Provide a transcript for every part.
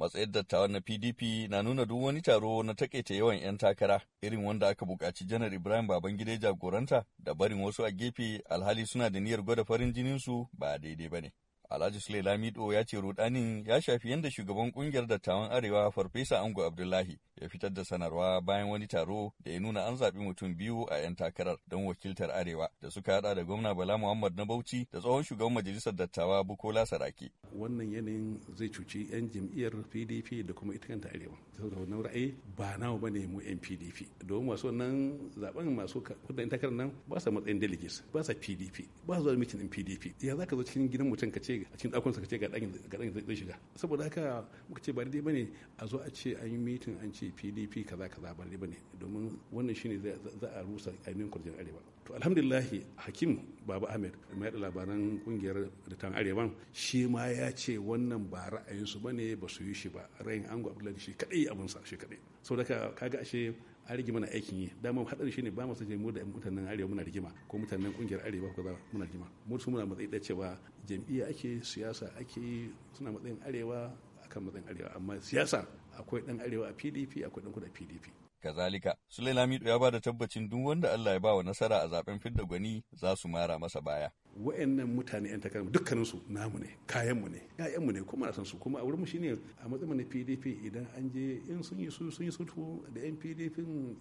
Matsayar dattawa na PDP na nuna duk wani taro na takaita yawan 'yan takara irin wanda aka buƙaci janar Ibrahim Babangida jagoranta da barin wasu a gefe alhali suna da niyyar gwada farin jininsu ba daidai ba ne. Alhaji Sule Lamido ya ce rudanin ya shafi yadda shugaban kungiyar dattawan Arewa Farfesa Ango Abdullahi ya fitar da sanarwa bayan wani taro da ya nuna an zaɓi mutum biyu a 'yan takarar don wakiltar Arewa da suka hada da gwamna Bala Muhammad na Bauchi da tsohon shugaban majalisar dattawa Bukola Saraki. Wannan yanayin zai cuci 'yan jam'iyyar PDP da kuma ita kanta Arewa. Saboda wannan ra'ayi ba nawa ba ne mu 'yan PDP. Domin masu wannan zaben masu kudin takarar nan ba sa matsayin delegates ba sa PDP ba su zuwa mitin PDP. Ya za ka zo cikin gidan mutum ka ce a cikin sa ka ce ga ɗakin zai shiga. Saboda haka muka ce ba daidai ba ne a zo a ce an yi mitin an ce pdp kaza kaza ba ne domin wannan shine za a rusa ainihin kurjin arewa to alhamdulillahi hakim baba ahmed mai labaran kungiyar dattawan arewa shi ma ya ce wannan ba ra'ayinsu ba ne ba su yi shi ba ra'ayin ango abdullahi shi kadai sa shi kadai saboda kaga ashe an rigima na aikin yi dama hadar shi ne ba mu sace mu da mutanen arewa muna rigima ko mutanen kungiyar arewa ko za muna rigima mu su muna matsayi da cewa jam'iyya ake siyasa ake suna matsayin arewa kan matsayin arewa amma siyasa akwai ɗan arewa a pdp akwai dan kudu pdp Kazalika, sulai Lamido ya ba da tabbacin duk wanda Allah ya ba wa nasara a zaben fidda gwani za su mara masa baya. Wa'annan mutane 'yan takarar dukkaninsu namu ne, kayan mu ne, mu ne, kuma san su kuma a mu shine a matsayin na PDP idan an je in sun yi su sun yi sutu da 'yan PDP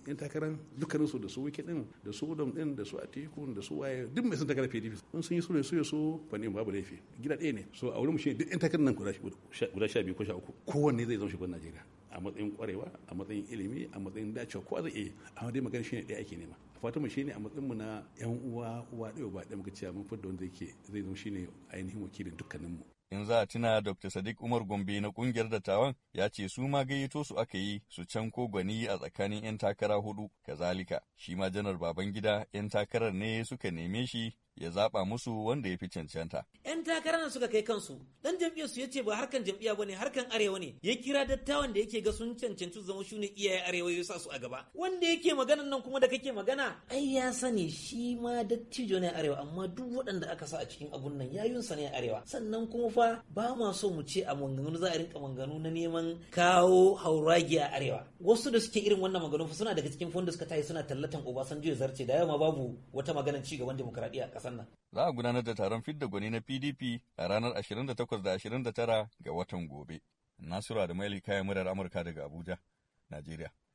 'yan takarar dukkaninsu da su wiki din da su dom din da su atiku da su waye duk mai sun takarar PDP in sun yi ne su su fa ne babu laifi gida ɗaya ne so a mu shine duk 'yan takarar nan guda sha biyu ko sha uku kowanne zai zama shugaban Najeriya. a matsayin kwarewa a matsayin ilimi a matsayin dacewa ko zai iya amma dai magana shine ɗaya ake nema fatima ne a matsayin mu na yan uwa uwa ɗaya ba ɗaya muka cewa mun fadda wanda yake zai zama shine ainihin wakilin dukkanin mu in za a tuna dr sadiq umar gombe na kungiyar dattawan ya ce su ma gayyato su aka yi su can ko gwani a tsakanin 'yan takara hudu kazalika shi ma janar babangida 'yan takarar ne suka neme shi ya zaba musu wanda ya fi cancanta. 'Yan takarar suka kai kansu, dan jam'iyyar su ya ce ba harkan jam'iyya bane harkan arewa ne, ya kira dattawan da yake ga sun cancanci zama ne iyaye arewa ya sa su a gaba. Wanda yake maganan nan kuma da kake magana ai ya sani shi ma dattijo ne arewa amma duk waɗanda aka sa a cikin abun nan ya sa ne arewa sannan kuma fa ba ma so mu ce a manganu za a rinka manganu na neman kawo hauragi a arewa wasu da suke irin wannan maganganu fa suna daga cikin fondus ka tayi suna tallatan obasanjo ya zarce da yamma babu wata maganar ci gaban demokradiya a ƙasar nan za a gudanar da taron fidda gwani na PDP a ranar 28 da 29 ga watan gobe Nasiru Adamu Eli kayan murar Amurka daga Abuja, Najeriya.